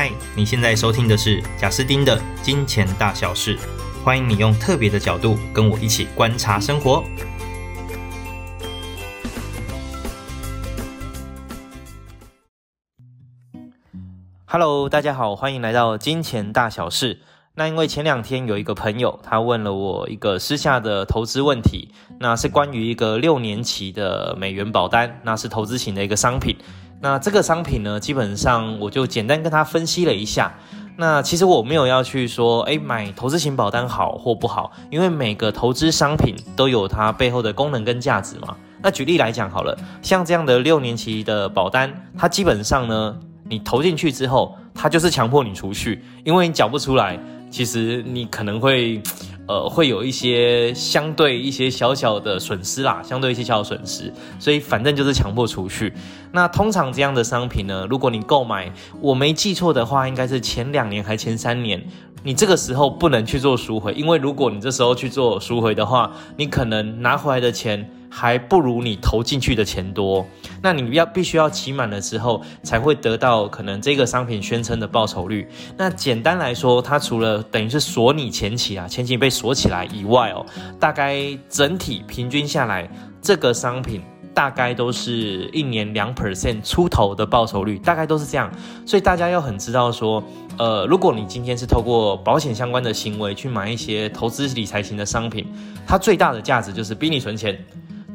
嗨，Hi, 你現在收聽的是賈斯丁的《金錢大小事》，歡迎你用特別的角度跟我一起觀察生活。Hello，大家好，歡迎來到《金錢大小事》。那因為前兩天有一個朋友，他問了我一個私下的投資問題，那是關於一個六年期的美元保單，那是投資型的一個商品。那這個商品呢，基本上我就簡單跟他分析了一下。那其實我沒有要去說，哎、欸，買投資型保單好或不好，因為每個投資商品都有它背後的功能跟價值嘛。那舉例來講好了，像這樣的六年期的保單，它基本上呢，你投進去之後，它就是強迫你儲蓄，因為你繳不出來，其實你可能會。呃，會有一些相對一些小小的損失啦，相對一些小損失，所以反正就是強迫儲蓄。那通常這樣的商品呢，如果你購買，我沒記錯的話，應該是前兩年還是前三年。你這個時候不能去做贖回，因為如果你這時候去做贖回的話，你可能拿回來的錢還不如你投進去的錢多。那你要必須要期滿了之後才會得到可能這個商品宣稱的報酬率。那簡單來說，它除了等於是鎖你前期啊，前期被鎖起來以外哦，大概整體平均下來，這個商品，大概都是一年兩 percent 出頭的報酬率，大概都是這樣，所以大家要很知道說，呃，如果你今天是透過保險相關的行為去買一些投資理財型的商品，它最大的價值就是逼你存錢，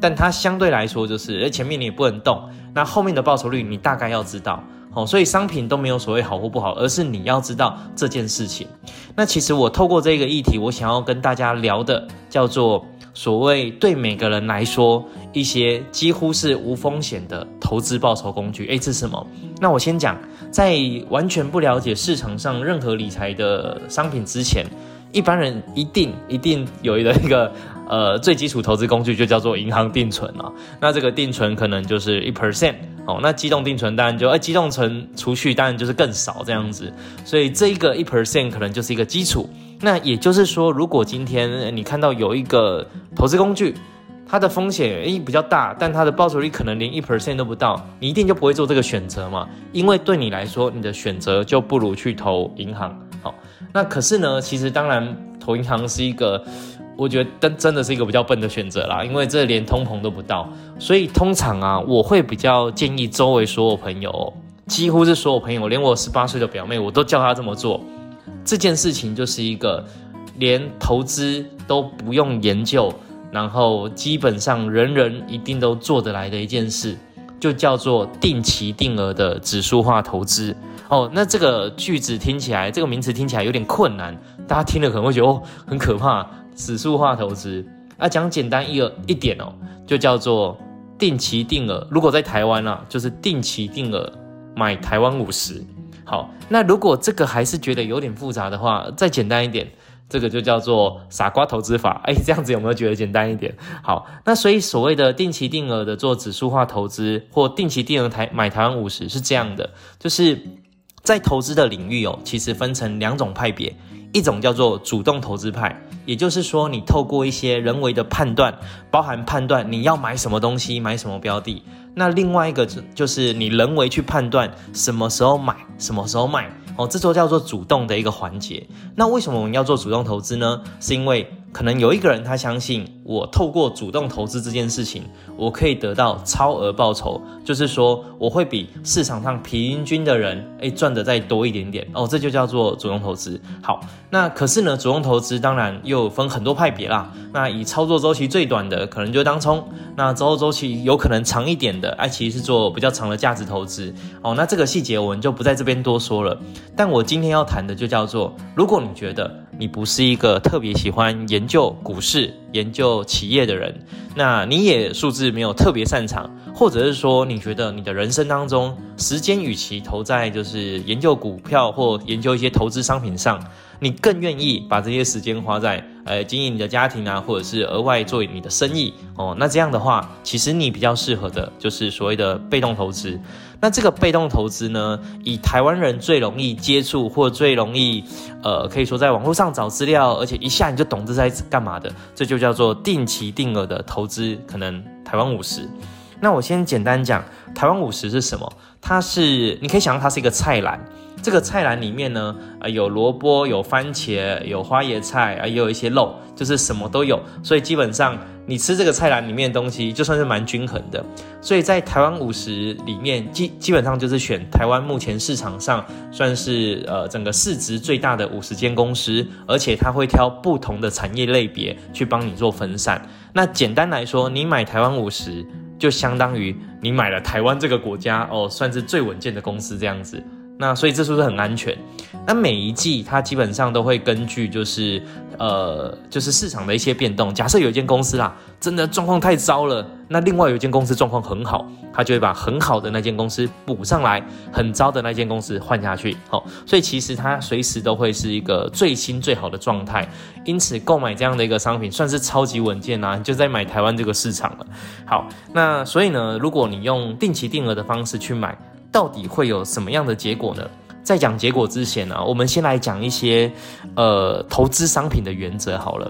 但它相對來說就是，而前面你也不能動，那後面的報酬率你大概要知道，好、哦，所以商品都沒有所謂好或不好，而是你要知道這件事情。那其實我透過這個議題，我想要跟大家聊的叫做。所謂對每個人來說，一些幾乎是無風險的投資報酬工具，哎，這是什麼？那我先講，在完全不了解市場上任何理財的商品之前，一般人一定一定有一個一個呃最基礎投資工具，就叫做銀行定存啊。那這個定存可能就是一 percent 哦。那機動定存當然就，哎，機動存儲蓄當然就是更少這樣子。所以這一個一 percent 可能就是一個基礎。那也就是說，如果今天你看到有一個投資工具，它的風險誒比較大，但它的報酬率可能連一 percent 都不到，你一定就不會做這個選擇嘛？因為對你來說，你的選擇就不如去投銀行好。那可是呢，其實當然投銀行是一個，我覺得真真的是一個比較笨的選擇啦，因為這連通膨都不到。所以通常啊，我會比較建議周圍所有朋友，幾乎是所有朋友，連我十八歲的表妹，我都叫她這麼做。這件事情就是一個連投資都不用研究，然後基本上人人一定都做得來的一件事，就叫做定期定額的指數化投資哦。那這個句子聽起來，這個名詞聽起來有點困難，大家聽了可能會覺得哦，很可怕，指數化投資啊，講簡單一個一點哦，就叫做定期定額。如果在台灣啊，就是定期定額買台灣五十。好，那如果這個還是覺得有點複雜的話，再簡單一點，這個就叫做傻瓜投資法。哎、欸，這樣子有沒有覺得簡單一點？好，那所以所謂的定期定額的做指數化投資，或定期定額台買台灣五十，是這樣的，就是在投資的領域哦，其實分成兩種派別，一種叫做主動投資派，也就是說你透過一些人為的判斷，包含判斷你要買什麼東西，買什麼標的。那另外一個就就是你人為去判斷什麼時候買，什麼時候賣，哦，這時候叫做主動的一個環節。那為什麼我們要做主動投資呢？是因為。可能有一個人，他相信我透過主動投資這件事情，我可以得到超額報酬，就是說我會比市場上平均的人誒賺得再多一點點哦，這就叫做主動投資。好，那可是呢，主動投資當然又分很多派別啦。那以操作周期最短的，可能就當沖；那操作周期有可能長一點的，哎、啊，其實是做比較長的價值投資哦。那這個細節我們就不在這邊多說了。但我今天要談的就叫做，如果你覺得你不是一個特別喜歡研究研究股市，研究企業的人，那你也數字沒有特別擅長，或者是說你覺得你的人生當中，時間與其投在就是研究股票或研究一些投資商品上。你更願意把這些時間花在，呃、哎，經營你的家庭啊，或者是額外做你的生意，哦，那這樣的話，其實你比較適合的就是所謂的被動投資。那這個被動投資呢，以台灣人最容易接觸或最容易，呃，可以說在網絡上找資料，而且一下你就懂這是在幹嘛的，這就叫做定期定額的投資。可能台灣五十，那我先簡單講台灣五十是什麼？它是你可以想象它是一個菜籃。這個菜籃裡面呢，啊、呃、有蘿蔔，有番茄，有花椰菜啊、呃，也有一些肉，就是什麼都有。所以基本上你吃這個菜籃裡面的東西，就算是蠻均衡的。所以在台灣五十裡面，基基本上就是選台灣目前市場上算是呃整個市值最大的五十間公司，而且它會挑不同的產業類別去幫你做分散。那簡單來說，你買台灣五十，就相當於你買了台灣這個國家哦，算是最穩健的公司這樣子。那所以這是不是很安全？那每一季它基本上都會根據就是呃就是市場的一些變動。假設有一間公司啦，真的狀況太糟了，那另外有一間公司狀況很好，它就會把很好的那間公司補上來，很糟的那間公司換下去。好，所以其實它隨時都會是一個最新最好的狀態。因此購買這樣的一個商品算是超級穩健啦，就在買台灣這個市場了。好，那所以呢，如果你用定期定額的方式去買。到底會有什麼樣的結果呢？在講結果之前呢、啊，我們先來講一些，呃，投資商品的原則好了。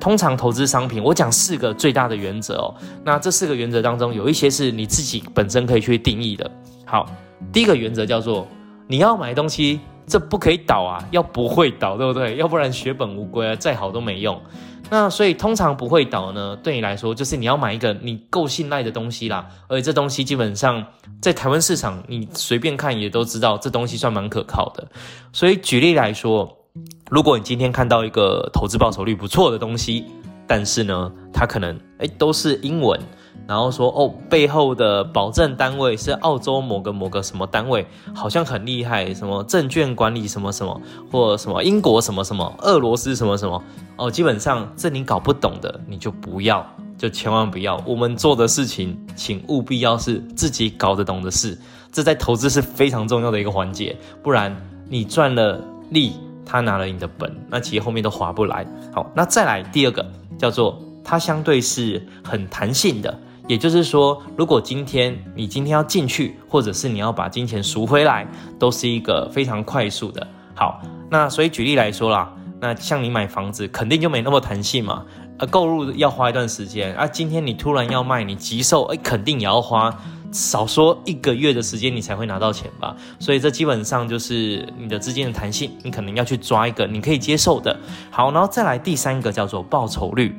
通常投資商品，我講四個最大的原則哦。那這四個原則當中，有一些是你自己本身可以去定義的。好，第一個原則叫做你要買東西。這不可以倒啊，要不會倒，對不對？要不然血本無歸啊，再好都沒用。那所以通常不會倒呢，對你來說就是你要買一個你夠信賴的東西啦，而且這東西基本上在台灣市場你隨便看也都知道，這東西算蠻可靠的。所以舉例來說，如果你今天看到一個投資報酬率不錯的東西，但是呢，它可能誒都是英文。然後說哦，背後的保證單位是澳洲某個某個什麼單位，好像很厲害，什麼證券管理什麼什麼，或什麼英國什麼什麼，俄羅斯什麼什麼，哦，基本上這你搞不懂的，你就不要，就千萬不要。我們做的事情，請務必要是自己搞得懂的事，這在投資是非常重要的一個環節，不然你賺了利，他拿了你的本，那其實後面都划不來。好，那再來第二個，叫做它相對是很彈性的。也就是說，如果今天你今天要進去，或者是你要把金錢贖回來，都是一個非常快速的。好，那所以舉例來說啦，那像你買房子，肯定就沒那麼彈性嘛。呃、啊，購入要花一段時間啊，今天你突然要賣，你急售，哎、欸，肯定也要花少說一個月的時間，你才會拿到錢吧。所以這基本上就是你的資金的彈性，你可能要去抓一個你可以接受的。好，然後再來第三個叫做報酬率。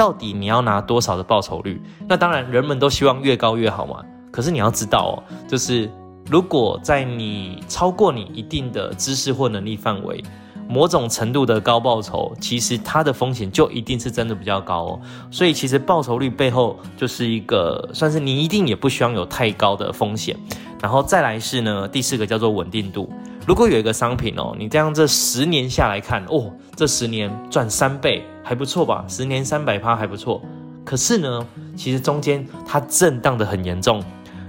到底你要拿多少的報酬率？那當然，人們都希望越高越好嘛。可是你要知道哦，就是如果在你超過你一定的知識或能力範圍，某種程度的高報酬，其實它的風險就一定是真的比較高哦。所以其實報酬率背後就是一個，算是你一定也不希望有太高的風險。然後再來是呢，第四個叫做穩定度。如果有一個商品哦，你這樣這十年下來看哦，這十年賺三倍。還不錯吧，十年三百趴還不錯。可是呢，其實中間它震盪的很嚴重，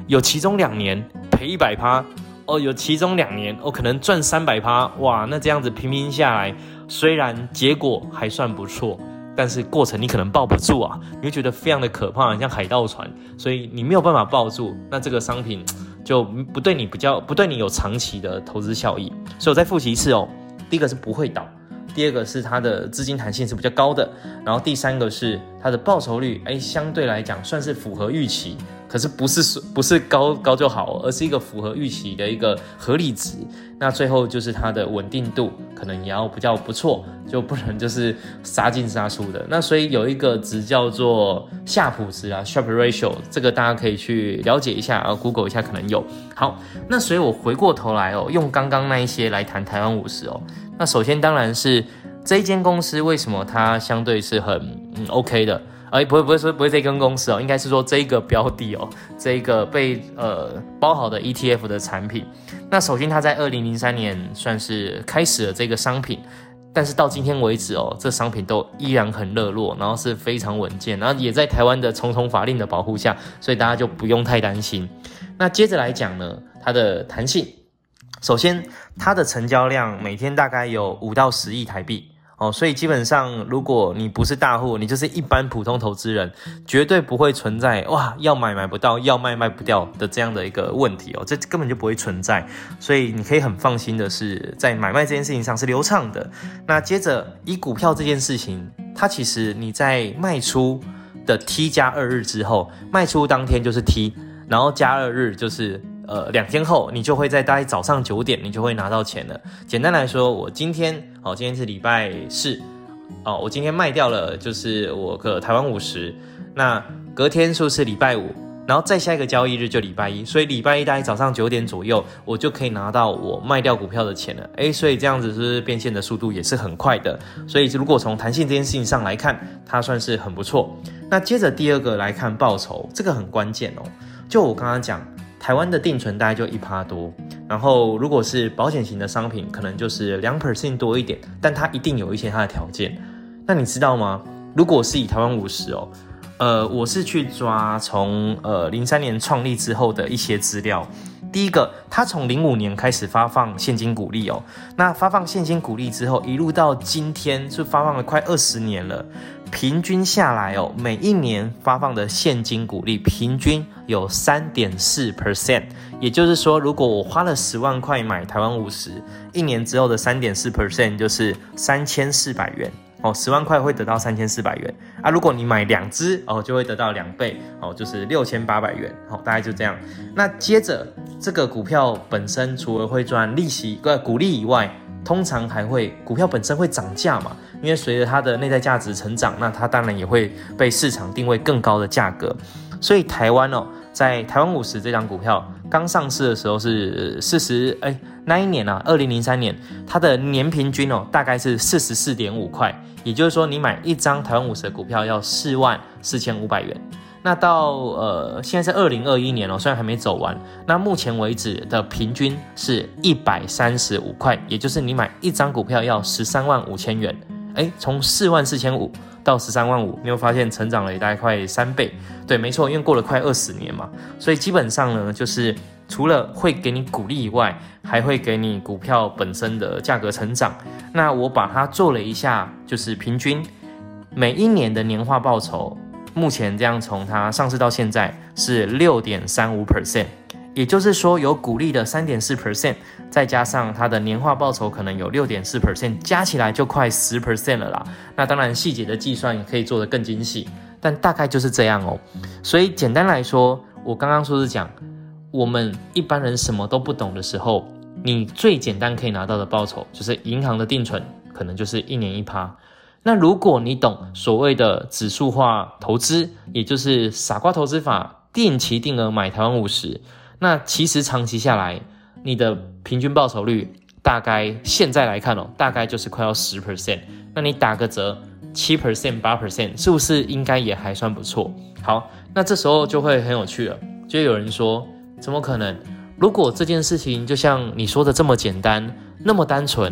有其中兩年賠一百趴，哦，有其中兩年哦，可能賺三百趴，哇，那這樣子平均下來，雖然結果還算不錯，但是過程你可能抱不住啊，你會覺得非常的可怕，像海盜船，所以你沒有辦法抱住，那這個商品就不對你比較，不對你有長期的投資效益。所以我再複習一次哦，第一個是不會倒。第二個是它的資金彈性是比較高的，然後第三個是它的報酬率，欸，相對來講算是符合預期。可是不是說不是高高就好，而是一個符合預期的一個合理值。那最後就是它的穩定度可能也要比較不錯，就不能就是殺進殺出的。那所以有一個值叫做夏普值啊 Sharpe Ratio，這個大家可以去了解一下，啊 Google 一下可能有。好，那所以我回過頭來哦，用剛剛那一些來談台灣五十哦。那首先當然是這一間公司為什麼它相對是很、嗯、OK 的。哎、欸，不會，不會說，是不會這根公司哦，應該是說這一個標的哦，這一個被呃包好的 ETF 的產品。那首先它在二零零三年算是開始了這個商品，但是到今天為止哦，這商品都依然很熱絡，然後是非常穩健，然後也在台灣的重重法令的保護下，所以大家就不用太擔心。那接着來講呢，它的彈性，首先它的成交量每天大概有五到十億台幣。哦，所以基本上，如果你不是大戶，你就是一般普通投資人，絕對不會存在哇，要買買不到，要賣賣不掉的這樣的一個問題哦，這根本就不會存在。所以你可以很放心的是，在買賣這件事情上是流暢的。那接着以股票這件事情，它其實你在賣出的 T 加二日之後，賣出當天就是 T，然後加二日就是呃兩天後，你就會在大概早上九點，你就會拿到錢了。簡單來說，我今天。好，今天是禮拜四，哦，我今天賣掉了，就是我個台灣五十，那隔天說是禮拜五，然後再下一個交易日就禮拜一，所以禮拜一大概早上九點左右，我就可以拿到我賣掉股票的錢了，誒、欸，所以這樣子是不是變現的速度也是很快的？所以如果從彈性這件事情上來看，它算是很不錯。那接着第二個來看報酬，這個很關鍵哦、喔，就我剛剛講。台灣的定存大概就一趴多，然後如果是保險型的商品，可能就是兩 percent 多一點，但它一定有一些它的條件。那你知道嗎？如果我是以台灣五十哦，呃，我是去抓從呃零三年創立之後的一些資料。第一個，它從零五年開始發放現金股利哦，那發放現金股利之後，一路到今天是發放了快二十年了。平均下來哦，每一年發放的現金股利平均有三點四 percent，也就是說，如果我花了十萬塊買台灣五十，一年之後的三點四 percent 就是三千四百元哦，十萬塊會得到三千四百元啊。如果你買兩支哦，就會得到兩倍哦，就是六千八百元哦，大概就這樣。那接着這個股票本身，除了會賺利息跟股利以外，通常還會，股票本身會漲價嘛，因為隨着它的內在價值成長，那它當然也會被市場定位更高的價格。所以台灣哦，在台灣五十這張股票剛上市的時候是四十，哎，那一年啊，二零零三年，它的年平均哦大概是四十四點五塊，也就是說你買一張台灣五十的股票要四萬四千五百元。那到呃現在是二零二一年了哦，雖然還沒走完，那目前為止的平均是一百三十五塊，也就是你買一張股票要十三萬五千元。誒，從四萬四千五到十三萬五，你有發現成長了也大概快三倍。對，沒錯，因為過了快二十年嘛，所以基本上呢，就是除了會給你股利以外，還會給你股票本身的價格成長。那我把它做了一下，就是平均每一年的年化報酬。目前這樣，從它上市到現在是六點三五 percent，也就是說有股利的三點四 percent，再加上它的年化報酬可能有六點四 percent，加起來就快十 percent 了啦。那當然，細節的計算也可以做得更精細，但大概就是這樣哦。所以簡單來說，我剛剛說是講，我們一般人什麼都不懂的時候，你最簡單可以拿到的報酬就是銀行的定存，可能就是一年一趴。那如果你懂所謂的指數化投資，也就是傻瓜投資法，定期定額買台灣五十，那其實長期下來，你的平均報酬率大概現在來看哦，大概就是快要十 percent。那你打個折，七 percent、八 percent，是不是應該也還算不錯？好，那這時候就會很有趣了，就有人說，怎麼可能？如果這件事情就像你說的這麼簡單，那麼單純？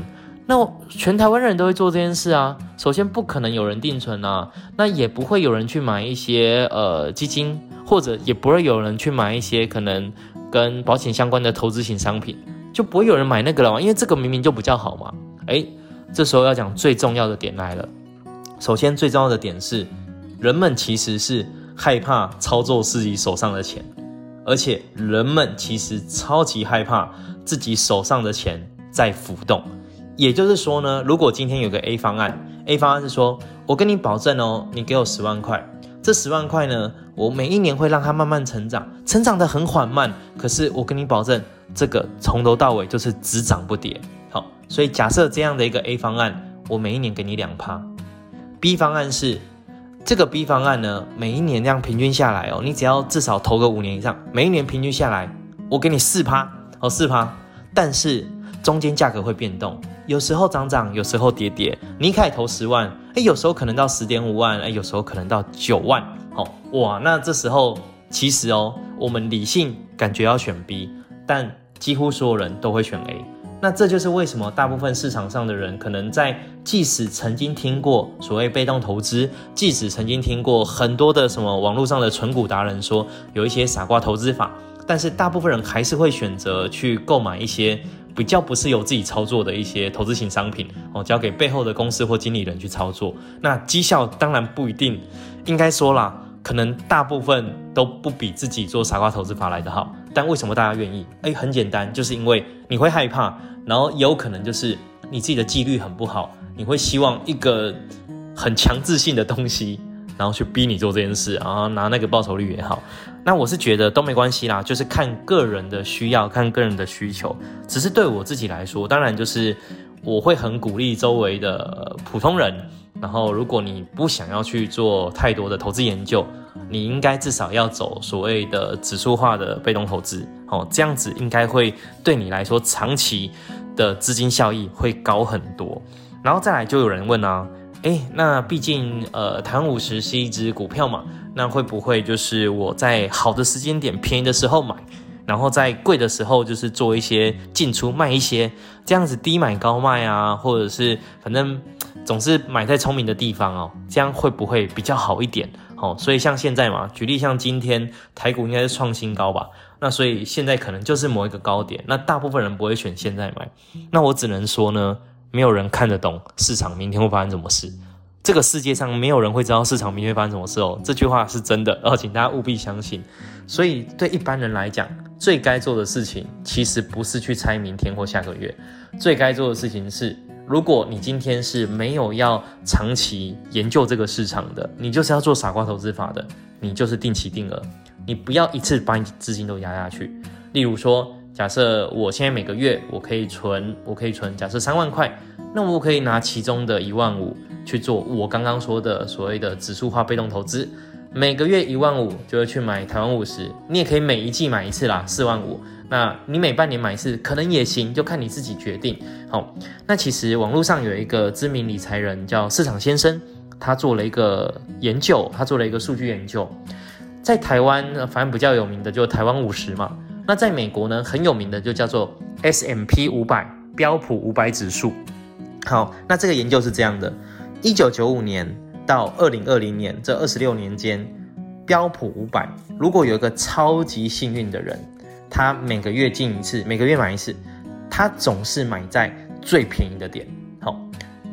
那全台灣人都會做這件事啊，首先不可能有人定存啊，那也不會有人去買一些呃基金，或者也不會有人去買一些可能跟保險相關的投資型商品，就不會有人買那個了嘛，因為這個明明就比較好嘛。哎，這時候要講最重要的點來了。首先最重要的點是，人們其實是害怕操作自己手上的錢，而且人們其實超級害怕自己手上的錢在浮動。也就是說呢，如果今天有個 A 方案，A 方案是說，我跟你保證哦，你給我十萬塊，這十萬塊呢，我每一年會讓它慢慢成長，成長得很緩慢，可是我跟你保證，這個從頭到尾就是只漲不跌。好，所以假設這樣的一個 A 方案，我每一年給你兩趴。B 方案是這個 B 方案呢，每一年這樣平均下來哦，你只要至少投個五年以上，每一年平均下來，我給你四趴，哦四趴，但是中間價格會變動。有時候漲漲，有時候跌跌。你開始投十萬，誒，有時候可能到十點五萬，誒，有時候可能到九萬。好、哦、哇，那這時候其實哦，我們理性感覺要選 B，但幾乎所有人都會選 A。那這就是為什麼大部分市場上的人，可能在即使曾經聽過所謂被動投資，即使曾經聽過很多的什麼網絡上的存股達人說有一些傻瓜投資法，但是大部分人還是會選擇去購買一些。比較不是由自己操作的一些投資型商品，哦，交給背後的公司或經理人去操作，那績效當然不一定，應該說啦，可能大部分都不比自己做傻瓜投資法來得好。但為什麼大家願意？哎、欸，很簡單，就是因為你會害怕，然後也有可能就是你自己的紀律很不好，你會希望一個很強制性的東西。然後去逼你做這件事，然後拿那個報酬率也好，那我是覺得都沒關係啦，就是看個人的需要，看個人的需求。只是對我自己來說，當然就是我會很鼓勵周圍的普通人。然後，如果你不想要去做太多的投資研究，你應該至少要走所謂的指數化的被動投資哦，這樣子應該會對你來說長期的資金效益會高很多。然後再來就有人問啊。誒，那畢竟，呃，台灣五十是一隻股票嘛，那會不會就是我在好的時間點，便宜的時候買，然後在貴的時候就是做一些進出賣一些，這樣子低買高賣啊，或者是反正總是買在聰明的地方哦，這樣會不會比較好一點？哦，所以像現在嘛，舉例像今天台股應該是創新高吧，那所以現在可能就是某一個高點，那大部分人不會選現在買，那我只能說呢。沒有人看得懂市場明天會發生什麼事。這個世界上沒有人會知道市場明天會發生什麼事哦，這句話是真的，然後、哦、請大家務必相信。所以對一般人來講，最該做的事情其實不是去猜明天或下個月，最該做的事情是，如果你今天是沒有要長期研究這個市場的，你就是要做傻瓜投資法的，你就是定期定額，你不要一次把你資金都壓下去。例如說。假設我現在每個月我可以存，我可以存，假設三萬塊，那我可以拿其中的一萬五去做我剛剛說的所謂的指數化被動投資，每個月一萬五就會去買台灣五十，你也可以每一季買一次啦，四萬五，那你每半年買一次可能也行，就看你自己決定。好，那其實網絡上有一個知名理財人叫市場先生，他做了一個研究，他做了一個數據研究，在台灣反正比較有名的就是台灣五十嘛。那在美國呢，很有名的就叫做 S&P 五百標普五百指數。好，那這個研究是這樣的：一九九五年到二零二零年這二十六年間，標普五百如果有一個超級幸運的人，他每個月進一次，每個月買一次，他總是買在最便宜的點。好，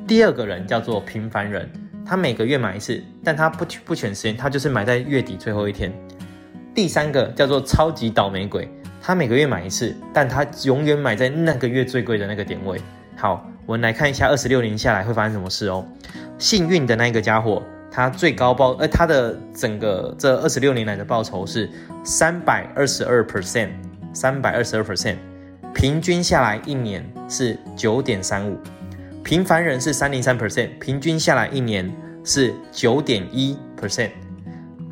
第二個人叫做平凡人，他每個月買一次，但他不不選時間，他就是買在月底最後一天。第三個叫做超級倒霉鬼。他每個月買一次，但他永遠買在那個月最貴的那個點位。好，我們來看一下二十六年下來會發生什麼事哦。幸運的那個家伙，他最高報，呃，他的整個這二十六年來的報酬是三百二十二 percent，三百二十二 percent，平均下來一年是九點三五。平凡人是三零三 percent，平均下來一年是九點一 percent。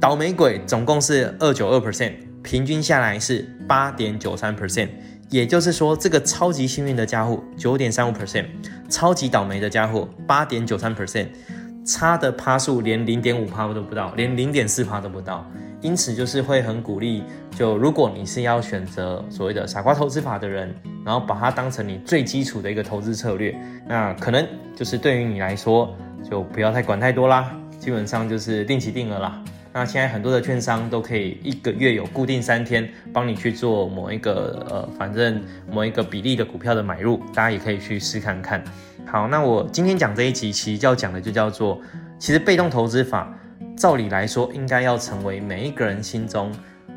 倒霉鬼總共是二九二 percent。平均下來是八點九三 percent，也就是說，這個超級幸運的家伙九點三五 percent，超級倒霉的家伙八點九三 percent，差的趴數連零點五趴都不到連，連零點四趴都不到。因此，就是會很鼓勵，就如果你是要選擇所謂的傻瓜投資法的人，然後把它當成你最基礎的一個投資策略，那可能就是對於你來說，就不要太管太多啦，基本上就是定期定額啦。那現在很多的券商，都可以一個月有固定三天幫你去做某一個呃，反正某一個比例的股票的買入，大家也可以去試看看。好，那我今天講這一集，其實就要講的就叫做，其實被動投資法，照理來說應該要成為每一個人心中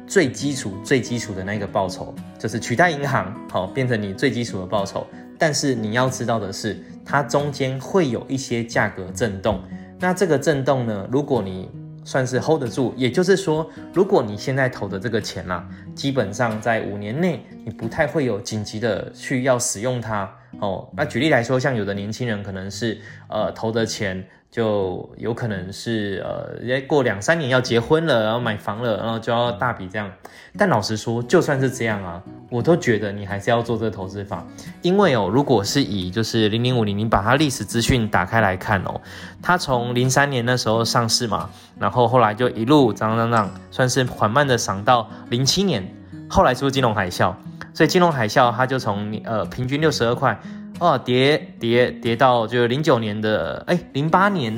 最基礎、最基礎的那個報酬，就是取代銀行，好，變成你最基礎的報酬。但是你要知道的是，它中間會有一些價格震動。那這個震動呢，如果你算是 hold 得住，也就是說，如果你現在投的這個錢啦、啊，基本上在五年內，你不太會有緊急的去要使用它。哦，那舉例來說，像有的年輕人可能是，呃，投的錢就有可能是，呃，過兩三年要結婚了，然後買房了，然後就要大筆這樣。但老實說，就算是這樣啊，我都覺得你還是要做這個投資法，因為哦，如果是以就是零零五零，零，你把它歷史資訊打開來看哦，它從零三年那時候上市嘛，然後後來就一路漲漲漲，算是緩慢的漲到零七年，後來出金融海嘯。所以金融海嘯，它就從呃平均六十二塊，哦，跌跌跌到就是零九年的，哎，零八年，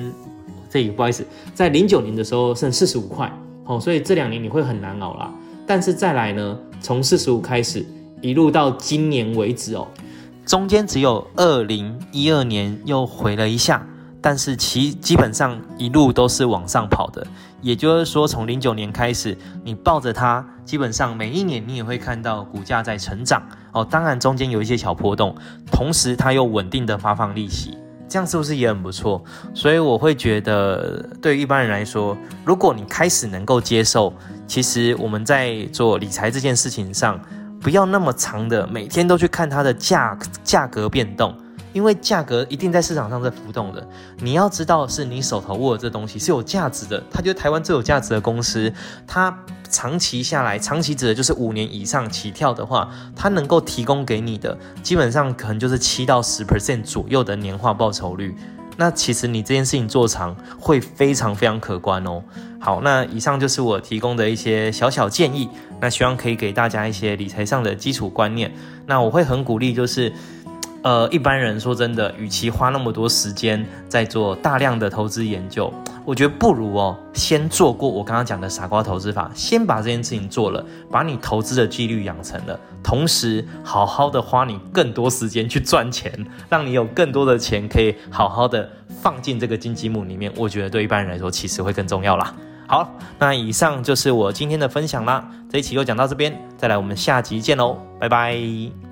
這也不好意思，在零九年的時候剩四十五塊，哦，所以這兩年你會很難熬啦。但是再來呢，從四十五開始，一路到今年為止哦，中間只有二零一二年又回了一下。但是其基本上一路都是往上跑的，也就是說，從零九年開始，你抱着它，基本上每一年你也會看到股價在成長哦。當然中間有一些小波動，同時它又穩定的發放利息，這樣是不是也很不錯？所以我會覺得，對於一般人來說，如果你開始能夠接受，其實我們在做理財這件事情上，不要那麼長的，每天都去看它的價，價格變動。因為價格一定在市場上在浮動的，你要知道的是你手頭握的這東西是有價值的。它就是台灣最有價值的公司，它長期下來，長期指的就是五年以上起跳的話，它能夠提供給你的，基本上可能就是七到十 percent 左右的年化報酬率。那其實你這件事情做長，會非常非常可觀哦。好，那以上就是我提供的一些小小建議，那希望可以給大家一些理財上的基礎觀念。那我會很鼓勵，就是。呃，一般人說真的，與其花那麼多時間在做大量的投資研究，我覺得不如哦，先做過我剛剛講的傻瓜投資法，先把這件事情做了，把你投資的紀律養成了，同時好好的花你更多時間去賺錢，讓你有更多的錢可以好好的放進這個金雞母裡面，我覺得對一般人來說其實會更重要啦。好，那以上就是我今天的分享啦，這一期就講到這邊，再來我們下集見嘍，拜拜。